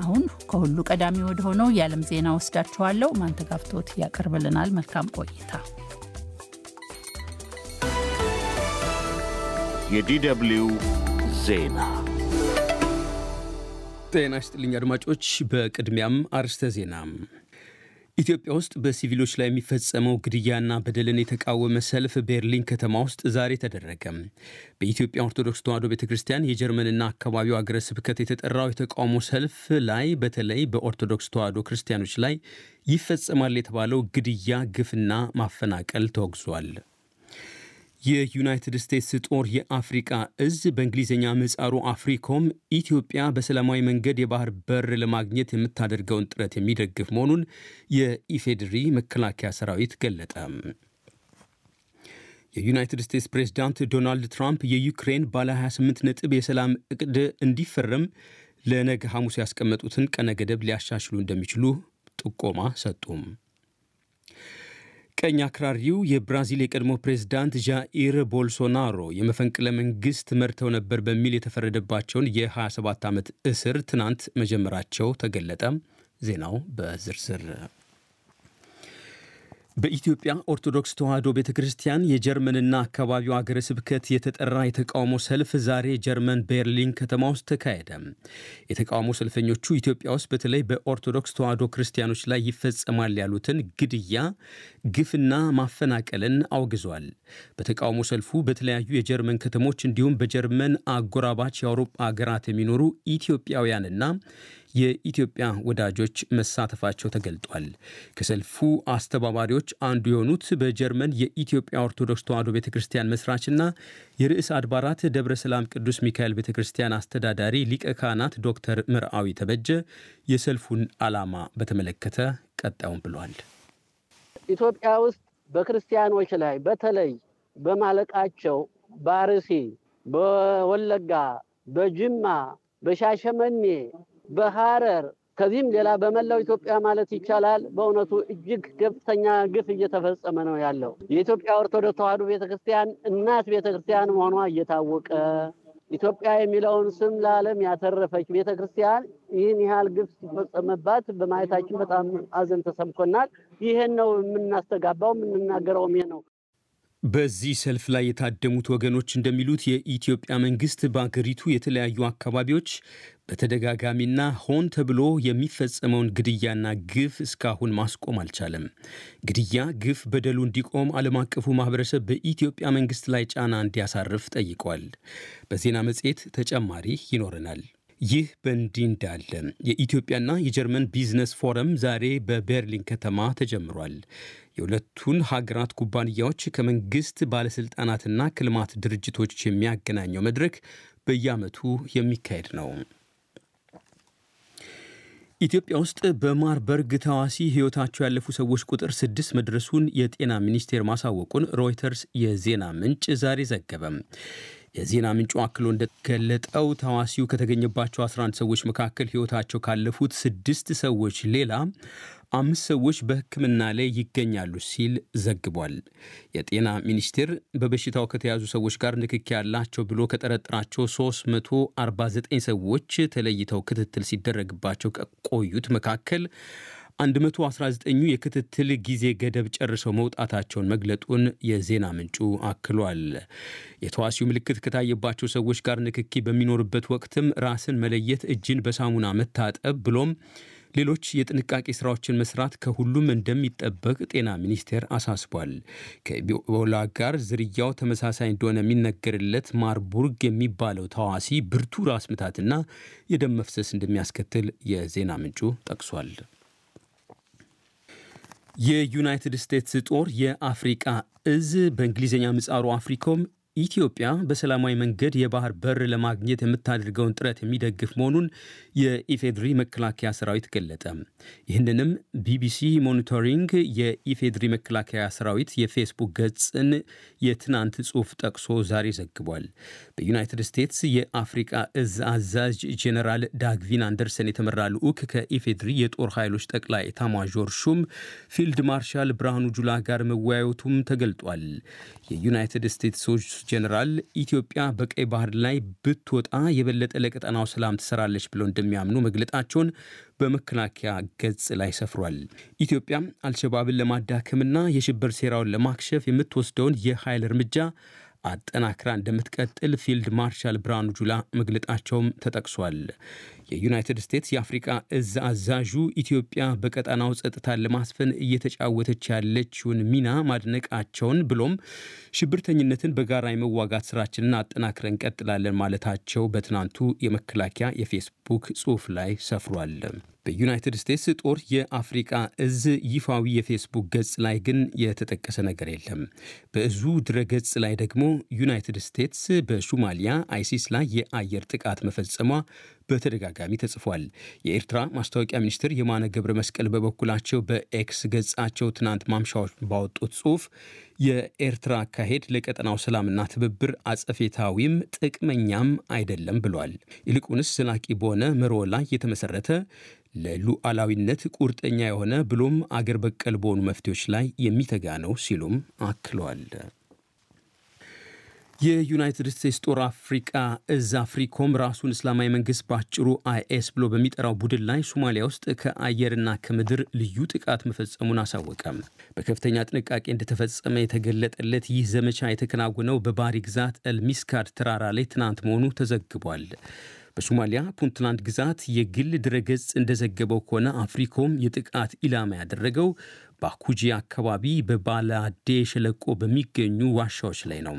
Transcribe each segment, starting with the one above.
አሁን ከሁሉ ቀዳሚ ወደ ሆነው የዓለም ዜና ወስዳችኋለሁ። ማንተጋፍቶት ያቀርብልናል። መልካም ቆይታ። የዲደብሊው ዜና ጤና ይስጥልኝ አድማጮች። በቅድሚያም አርስተ ዜና ኢትዮጵያ ውስጥ በሲቪሎች ላይ የሚፈጸመው ግድያና በደልን የተቃወመ ሰልፍ ቤርሊን ከተማ ውስጥ ዛሬ ተደረገ። በኢትዮጵያ ኦርቶዶክስ ተዋሕዶ ቤተ ክርስቲያን የጀርመንና አካባቢው አገረ ስብከት የተጠራው የተቃውሞ ሰልፍ ላይ በተለይ በኦርቶዶክስ ተዋሕዶ ክርስቲያኖች ላይ ይፈጸማል የተባለው ግድያ፣ ግፍና ማፈናቀል ተወግዟል። የዩናይትድ ስቴትስ ጦር የአፍሪቃ እዝ በእንግሊዝኛ ምጻሩ አፍሪኮም ኢትዮጵያ በሰላማዊ መንገድ የባህር በር ለማግኘት የምታደርገውን ጥረት የሚደግፍ መሆኑን የኢፌዴሪ መከላከያ ሰራዊት ገለጠ። የዩናይትድ ስቴትስ ፕሬዝዳንት ዶናልድ ትራምፕ የዩክሬን ባለ 28 ነጥብ የሰላም እቅድ እንዲፈረም ለነገ ሐሙስ ያስቀመጡትን ቀነ ገደብ ሊያሻሽሉ እንደሚችሉ ጥቆማ ሰጡም። ቀኝ አክራሪው የብራዚል የቀድሞ ፕሬዝዳንት ዣኢር ቦልሶናሮ የመፈንቅለ መንግስት መርተው ነበር በሚል የተፈረደባቸውን የ27 ዓመት እስር ትናንት መጀመራቸው ተገለጠ። ዜናው በዝርዝር በኢትዮጵያ ኦርቶዶክስ ተዋሕዶ ቤተ ክርስቲያን የጀርመንና አካባቢው አገረ ስብከት የተጠራ የተቃውሞ ሰልፍ ዛሬ ጀርመን ቤርሊን ከተማ ውስጥ ተካሄደ። የተቃውሞ ሰልፈኞቹ ኢትዮጵያ ውስጥ በተለይ በኦርቶዶክስ ተዋሕዶ ክርስቲያኖች ላይ ይፈጸማል ያሉትን ግድያ፣ ግፍና ማፈናቀልን አውግዟል። በተቃውሞ ሰልፉ በተለያዩ የጀርመን ከተሞች እንዲሁም በጀርመን አጎራባች የአውሮፓ አገራት የሚኖሩ ኢትዮጵያውያንና የኢትዮጵያ ወዳጆች መሳተፋቸው ተገልጧል። ከሰልፉ አስተባባሪዎች አንዱ የሆኑት በጀርመን የኢትዮጵያ ኦርቶዶክስ ተዋሕዶ ቤተ ክርስቲያን መስራችና የርዕስ አድባራት ደብረ ሰላም ቅዱስ ሚካኤል ቤተ ክርስቲያን አስተዳዳሪ ሊቀ ካህናት ዶክተር ምርአዊ ተበጀ የሰልፉን ዓላማ በተመለከተ ቀጣዩን ብሏል። ኢትዮጵያ ውስጥ በክርስቲያኖች ላይ በተለይ በማለቃቸው በአርሲ፣ በወለጋ፣ በጅማ፣ በሻሸመኔ በሐረር ከዚህም ሌላ በመላው ኢትዮጵያ ማለት ይቻላል በእውነቱ እጅግ ከፍተኛ ግፍ እየተፈጸመ ነው ያለው። የኢትዮጵያ ኦርቶዶክስ ተዋሕዶ ቤተክርስቲያን እናት ቤተክርስቲያን መሆኗ እየታወቀ ኢትዮጵያ የሚለውን ስም ለዓለም ያተረፈች ቤተክርስቲያን ይህን ያህል ግፍ ሲፈጸመባት በማየታችን በጣም አዘን ተሰምኮናል። ይህን ነው የምናስተጋባው፣ የምንናገረውም ይህ ነው። በዚህ ሰልፍ ላይ የታደሙት ወገኖች እንደሚሉት የኢትዮጵያ መንግስት በአገሪቱ የተለያዩ አካባቢዎች በተደጋጋሚና ሆን ተብሎ የሚፈጸመውን ግድያና ግፍ እስካሁን ማስቆም አልቻለም። ግድያ፣ ግፍ፣ በደሉ እንዲቆም ዓለም አቀፉ ማህበረሰብ በኢትዮጵያ መንግስት ላይ ጫና እንዲያሳርፍ ጠይቋል። በዜና መጽሔት ተጨማሪ ይኖረናል። ይህ በእንዲህ እንዳለ የኢትዮጵያና የጀርመን ቢዝነስ ፎረም ዛሬ በቤርሊን ከተማ ተጀምሯል። የሁለቱን ሀገራት ኩባንያዎች ከመንግስት ባለሥልጣናትና ከልማት ድርጅቶች የሚያገናኘው መድረክ በየዓመቱ የሚካሄድ ነው። ኢትዮጵያ ውስጥ በማርበርግ ተዋሲ ሕይወታቸው ያለፉ ሰዎች ቁጥር ስድስት መድረሱን የጤና ሚኒስቴር ማሳወቁን ሮይተርስ የዜና ምንጭ ዛሬ ዘገበም። የዜና ምንጩ አክሎ እንደገለጠው ተዋሲው ከተገኘባቸው 11 ሰዎች መካከል ሕይወታቸው ካለፉት ስድስት ሰዎች ሌላ አምስት ሰዎች በሕክምና ላይ ይገኛሉ ሲል ዘግቧል። የጤና ሚኒስቴር በበሽታው ከተያዙ ሰዎች ጋር ንክኪ ያላቸው ብሎ ከጠረጠራቸው 349 ሰዎች ተለይተው ክትትል ሲደረግባቸው ከቆዩት መካከል 119ኙ የክትትል ጊዜ ገደብ ጨርሰው መውጣታቸውን መግለጡን የዜና ምንጩ አክሏል። የተዋሲው ምልክት ከታየባቸው ሰዎች ጋር ንክኪ በሚኖርበት ወቅትም ራስን መለየት፣ እጅን በሳሙና መታጠብ ብሎም ሌሎች የጥንቃቄ ስራዎችን መስራት ከሁሉም እንደሚጠበቅ ጤና ሚኒስቴር አሳስቧል። ከኢቦላ ጋር ዝርያው ተመሳሳይ እንደሆነ የሚነገርለት ማርቡርግ የሚባለው ታዋሲ ብርቱ ራስ ምታትና የደም መፍሰስ እንደሚያስከትል የዜና ምንጩ ጠቅሷል። የዩናይትድ ስቴትስ ጦር የአፍሪቃ እዝ በእንግሊዝኛ ምጻሩ አፍሪኮም ኢትዮጵያ በሰላማዊ መንገድ የባህር በር ለማግኘት የምታደርገውን ጥረት የሚደግፍ መሆኑን የኢፌድሪ መከላከያ ሰራዊት ገለጠ። ይህንንም ቢቢሲ ሞኒቶሪንግ የኢፌድሪ መከላከያ ሰራዊት የፌስቡክ ገጽን የትናንት ጽሑፍ ጠቅሶ ዛሬ ዘግቧል። በዩናይትድ ስቴትስ የአፍሪቃ እዝ አዛዥ ጄኔራል ዳግቪን አንደርሰን የተመራ ልዑክ ከኢፌድሪ የጦር ኃይሎች ጠቅላይ ኤታማዦር ሹም ፊልድ ማርሻል ብርሃኑ ጁላ ጋር መወያየቱም ተገልጧል። የዩናይትድ ስቴትስ ጄኔራል ኢትዮጵያ በቀይ ባህር ላይ ብትወጣ የበለጠ ለቀጠናው ሰላም ትሰራለች ብለው እንደሚያምኑ መግለጣቸውን በመከላከያ ገጽ ላይ ሰፍሯል። ኢትዮጵያ አልሸባብን ለማዳከምና የሽብር ሴራውን ለማክሸፍ የምትወስደውን የኃይል እርምጃ አጠናክራ እንደምትቀጥል ፊልድ ማርሻል ብርሃኑ ጁላ መግለጣቸውም ተጠቅሷል። የዩናይትድ ስቴትስ የአፍሪቃ እዝ አዛዡ ኢትዮጵያ በቀጠናው ጸጥታን ለማስፈን እየተጫወተች ያለችውን ሚና ማድነቃቸውን ብሎም ሽብርተኝነትን በጋራ የመዋጋት ስራችንን አጠናክረን እንቀጥላለን ማለታቸው በትናንቱ የመከላከያ የፌስቡክ ጽሑፍ ላይ ሰፍሯል። በዩናይትድ ስቴትስ ጦር የአፍሪቃ እዝ ይፋዊ የፌስቡክ ገጽ ላይ ግን የተጠቀሰ ነገር የለም። በእዙ ድረገጽ ላይ ደግሞ ዩናይትድ ስቴትስ በሱማሊያ አይሲስ ላይ የአየር ጥቃት መፈጸሟ በተደጋጋሚ ተጽፏል። የኤርትራ ማስታወቂያ ሚኒስትር የማነ ገብረ መስቀል በበኩላቸው በኤክስ ገጻቸው ትናንት ማምሻዎች ባወጡት ጽሑፍ የኤርትራ አካሄድ ለቀጠናው ሰላምና ትብብር አጸፌታዊም ጥቅመኛም አይደለም ብሏል። ይልቁንስ ዘላቂ በሆነ መርሆ ላይ የተመሰረተ ለሉዓላዊነት ቁርጠኛ የሆነ ብሎም አገር በቀል በሆኑ መፍትሄዎች ላይ የሚተጋ ነው ሲሉም አክለዋል። የዩናይትድ ስቴትስ ጦር አፍሪቃ እዝ አፍሪኮም ራሱን እስላማዊ መንግስት በአጭሩ አይኤስ ብሎ በሚጠራው ቡድን ላይ ሶማሊያ ውስጥ ከአየርና ከምድር ልዩ ጥቃት መፈጸሙን አሳወቀም። በከፍተኛ ጥንቃቄ እንደተፈጸመ የተገለጠለት ይህ ዘመቻ የተከናወነው በባሪ ግዛት ልሚስካድ ተራራ ላይ ትናንት መሆኑ ተዘግቧል። በሶማሊያ ፑንትላንድ ግዛት የግል ድረገጽ እንደዘገበው ከሆነ አፍሪኮም የጥቃት ኢላማ ያደረገው በአኩጂ አካባቢ በባላዴ ሸለቆ በሚገኙ ዋሻዎች ላይ ነው።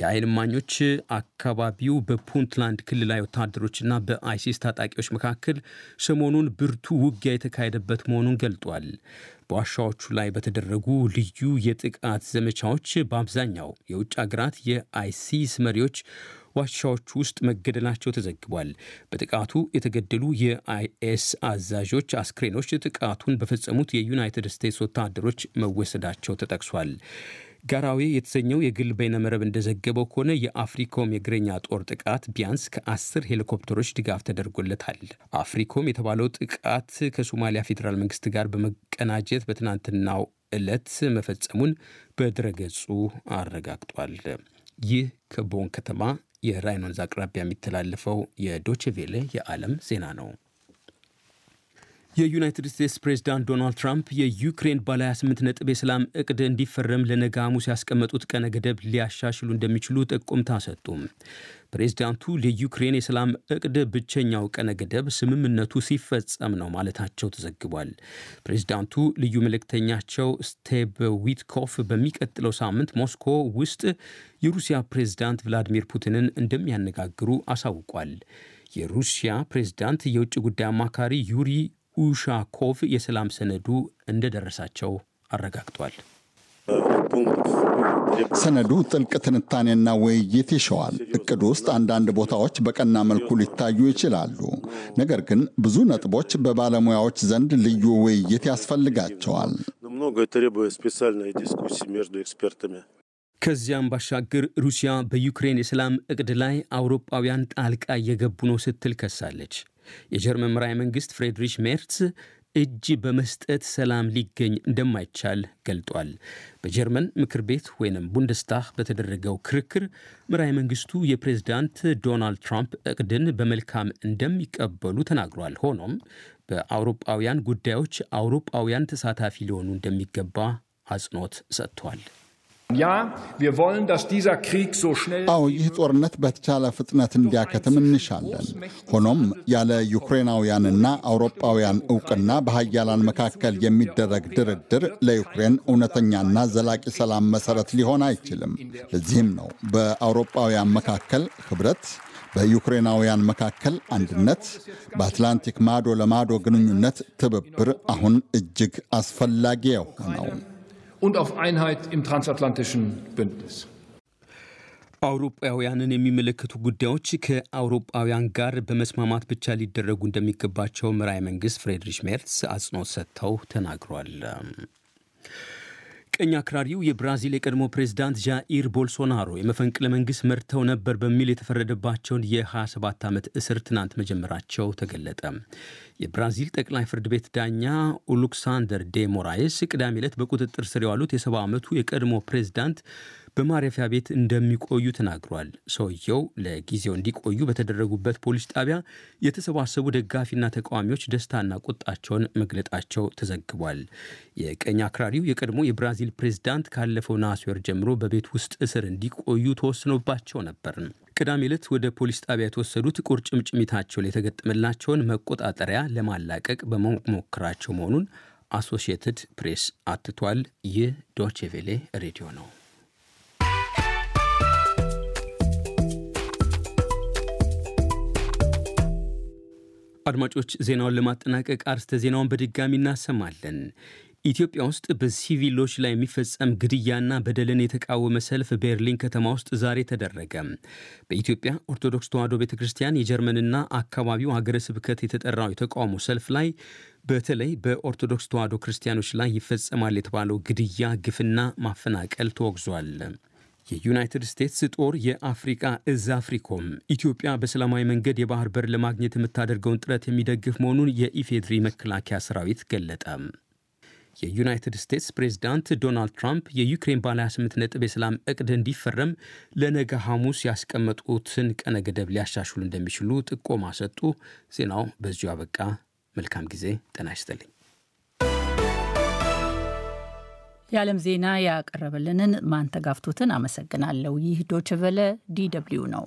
የአይን እማኞች አካባቢው በፑንትላንድ ክልላዊ ወታደሮችና በአይሲስ ታጣቂዎች መካከል ሰሞኑን ብርቱ ውጊያ የተካሄደበት መሆኑን ገልጧል። በዋሻዎቹ ላይ በተደረጉ ልዩ የጥቃት ዘመቻዎች በአብዛኛው የውጭ ሀገራት የአይሲስ መሪዎች ዋሻዎች ውስጥ መገደላቸው ተዘግቧል። በጥቃቱ የተገደሉ የአይኤስ አዛዦች አስክሬኖች ጥቃቱን በፈጸሙት የዩናይትድ ስቴትስ ወታደሮች መወሰዳቸው ተጠቅሷል። ጋራዊ የተሰኘው የግል በይነመረብ እንደዘገበው ከሆነ የአፍሪኮም የእግረኛ ጦር ጥቃት ቢያንስ ከአስር ሄሊኮፕተሮች ድጋፍ ተደርጎለታል። አፍሪኮም የተባለው ጥቃት ከሶማሊያ ፌዴራል መንግስት ጋር በመቀናጀት በትናንትናው ዕለት መፈጸሙን በድረገጹ አረጋግጧል። ይህ ከቦን ከተማ የራይን ወንዝ አቅራቢያ የሚተላለፈው የዶችቬሌ የዓለም ዜና ነው። የዩናይትድ ስቴትስ ፕሬዝዳንት ዶናልድ ትራምፕ የዩክሬን ባለ 28 ነጥብ የሰላም እቅድ እንዲፈረም ለነገ ሐሙስ ያስቀመጡት ቀነ ገደብ ሊያሻሽሉ እንደሚችሉ ጥቁምታ ሰጡም። ፕሬዝዳንቱ ለዩክሬን የሰላም እቅድ ብቸኛው ቀነ ገደብ ስምምነቱ ሲፈጸም ነው ማለታቸው ተዘግቧል። ፕሬዝዳንቱ ልዩ መልእክተኛቸው ስቴቭ ዊትኮፍ በሚቀጥለው ሳምንት ሞስኮ ውስጥ የሩሲያ ፕሬዝዳንት ቭላዲሚር ፑቲንን እንደሚያነጋግሩ አሳውቋል። የሩሲያ ፕሬዝዳንት የውጭ ጉዳይ አማካሪ ዩሪ ኡሻኮቭ የሰላም ሰነዱ እንደደረሳቸው አረጋግጧል። ሰነዱ ጥልቅ ትንታኔና ውይይት ይሸዋል። እቅድ ውስጥ አንዳንድ ቦታዎች በቀና መልኩ ሊታዩ ይችላሉ። ነገር ግን ብዙ ነጥቦች በባለሙያዎች ዘንድ ልዩ ውይይት ያስፈልጋቸዋል። ከዚያም ባሻገር ሩሲያ በዩክሬን የሰላም እቅድ ላይ አውሮፓውያን ጣልቃ እየገቡ ነው ስትል ከሳለች። የጀርመን መራሄ መንግስት ፍሬድሪሽ ሜርትስ እጅ በመስጠት ሰላም ሊገኝ እንደማይቻል ገልጧል። በጀርመን ምክር ቤት ወይም ቡንደስታህ በተደረገው ክርክር መራሄ መንግስቱ የፕሬዝዳንት ዶናልድ ትራምፕ እቅድን በመልካም እንደሚቀበሉ ተናግሯል። ሆኖም በአውሮጳውያን ጉዳዮች አውሮጳውያን ተሳታፊ ሊሆኑ እንደሚገባ አጽንኦት ሰጥቷል። አዎ ይህ ጦርነት በተቻለ ፍጥነት እንዲያከትም እንሻለን። ሆኖም ያለ ዩክሬናውያንና አውሮጳውያን እውቅና በሀያላን መካከል የሚደረግ ድርድር ለዩክሬን እውነተኛና ዘላቂ ሰላም መሰረት ሊሆን አይችልም። ለዚህም ነው በአውሮጳውያን መካከል ኅብረት በዩክሬናውያን መካከል አንድነት፣ በአትላንቲክ ማዶ ለማዶ ግንኙነት ትብብር አሁን እጅግ አስፈላጊ የሆነው። und auf Einheit im transatlantischen Bündnis. አውሮፓውያንን የሚመለከቱ ጉዳዮች ከአውሮፓውያን ጋር በመስማማት ብቻ ሊደረጉ እንደሚገባቸው ምራይ መንግስት ፍሬድሪሽ ሜርትስ አጽንኦት ሰጥተው ተናግሯል። ቀኝ አክራሪው የብራዚል የቀድሞ ፕሬዝዳንት ዣኢር ቦልሶናሮ የመፈንቅለ መንግስት መርተው ነበር በሚል የተፈረደባቸውን የ27 ዓመት እስር ትናንት መጀመራቸው ተገለጠ። የብራዚል ጠቅላይ ፍርድ ቤት ዳኛ ኦሉክሳንደር ዴ ሞራይስ ቅዳሜ ዕለት በቁጥጥር ስር የዋሉት የሰባ ዓመቱ የቀድሞ ፕሬዝዳንት በማረፊያ ቤት እንደሚቆዩ ተናግሯል። ሰውየው ለጊዜው እንዲቆዩ በተደረጉበት ፖሊስ ጣቢያ የተሰባሰቡ ደጋፊና ተቃዋሚዎች ደስታና ቁጣቸውን መግለጣቸው ተዘግቧል። የቀኝ አክራሪው የቀድሞ የብራዚል ፕሬዝዳንት ካለፈው ነሐሴ ወር ጀምሮ በቤት ውስጥ እስር እንዲቆዩ ተወስኖባቸው ነበር። ቅዳሜ ዕለት ወደ ፖሊስ ጣቢያ የተወሰዱት ቁርጭምጭሚታቸው ላይ የተገጠመላቸውን መቆጣጠሪያ ለማላቀቅ በመሞክራቸው መሆኑን አሶሺየትድ ፕሬስ አትቷል። ይህ ዶችቬሌ ሬዲዮ ነው። አድማጮች ዜናውን ለማጠናቀቅ አርስተ ዜናውን በድጋሚ እናሰማለን። ኢትዮጵያ ውስጥ በሲቪሎች ላይ የሚፈጸም ግድያና በደልን የተቃወመ ሰልፍ ቤርሊን ከተማ ውስጥ ዛሬ ተደረገ። በኢትዮጵያ ኦርቶዶክስ ተዋሕዶ ቤተ ክርስቲያን የጀርመንና አካባቢው ሀገረ ስብከት የተጠራው የተቃውሞ ሰልፍ ላይ በተለይ በኦርቶዶክስ ተዋሕዶ ክርስቲያኖች ላይ ይፈጸማል የተባለው ግድያ፣ ግፍና ማፈናቀል ተወግዟል። የዩናይትድ ስቴትስ ጦር የአፍሪቃ እዝ አፍሪኮም ኢትዮጵያ በሰላማዊ መንገድ የባህር በር ለማግኘት የምታደርገውን ጥረት የሚደግፍ መሆኑን የኢፌድሪ መከላከያ ሰራዊት ገለጠ። የዩናይትድ ስቴትስ ፕሬዝዳንት ዶናልድ ትራምፕ የዩክሬን ባለ 28 ነጥብ የሰላም እቅድ እንዲፈረም ለነገ ሐሙስ ያስቀመጡትን ቀነ ገደብ ሊያሻሽሉ እንደሚችሉ ጥቆማ ሰጡ። ዜናው በዚሁ አበቃ። መልካም ጊዜ። ጤና ይስጥልኝ። የዓለም ዜና ያቀረበልንን ማንተጋፍቶትን አመሰግናለሁ። ይህ ዶችቨለ ዲ ደብልዩ ነው።